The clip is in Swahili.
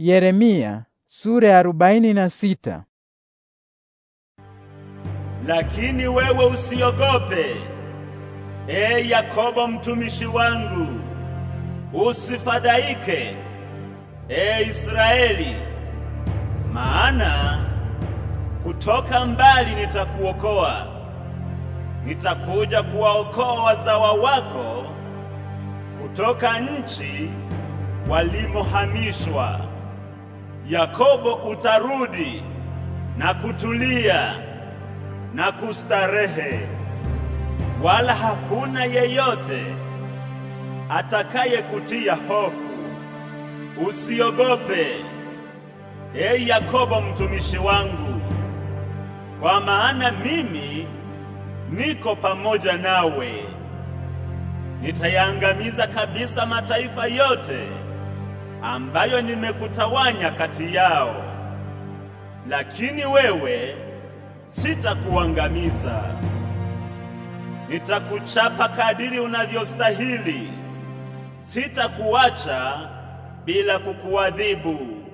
Yeremia sura ya arobaini na sita. Lakini wewe usiogope, e Yakobo mtumishi wangu, usifadhaike, e Israeli, maana kutoka mbali nitakuokoa, nitakuja kuwaokoa wazawa wako kutoka nchi walimohamishwa. Yakobo utarudi na kutulia na kustarehe, wala hakuna yeyote atakaye kutia hofu. Usiogope, e Yakobo mtumishi wangu, kwa maana mimi niko pamoja nawe. Nitayaangamiza kabisa mataifa yote ambayo nimekutawanya kati yao, lakini wewe sitakuangamiza. Nitakuchapa kadiri unavyostahili, sitakuacha bila kukuadhibu.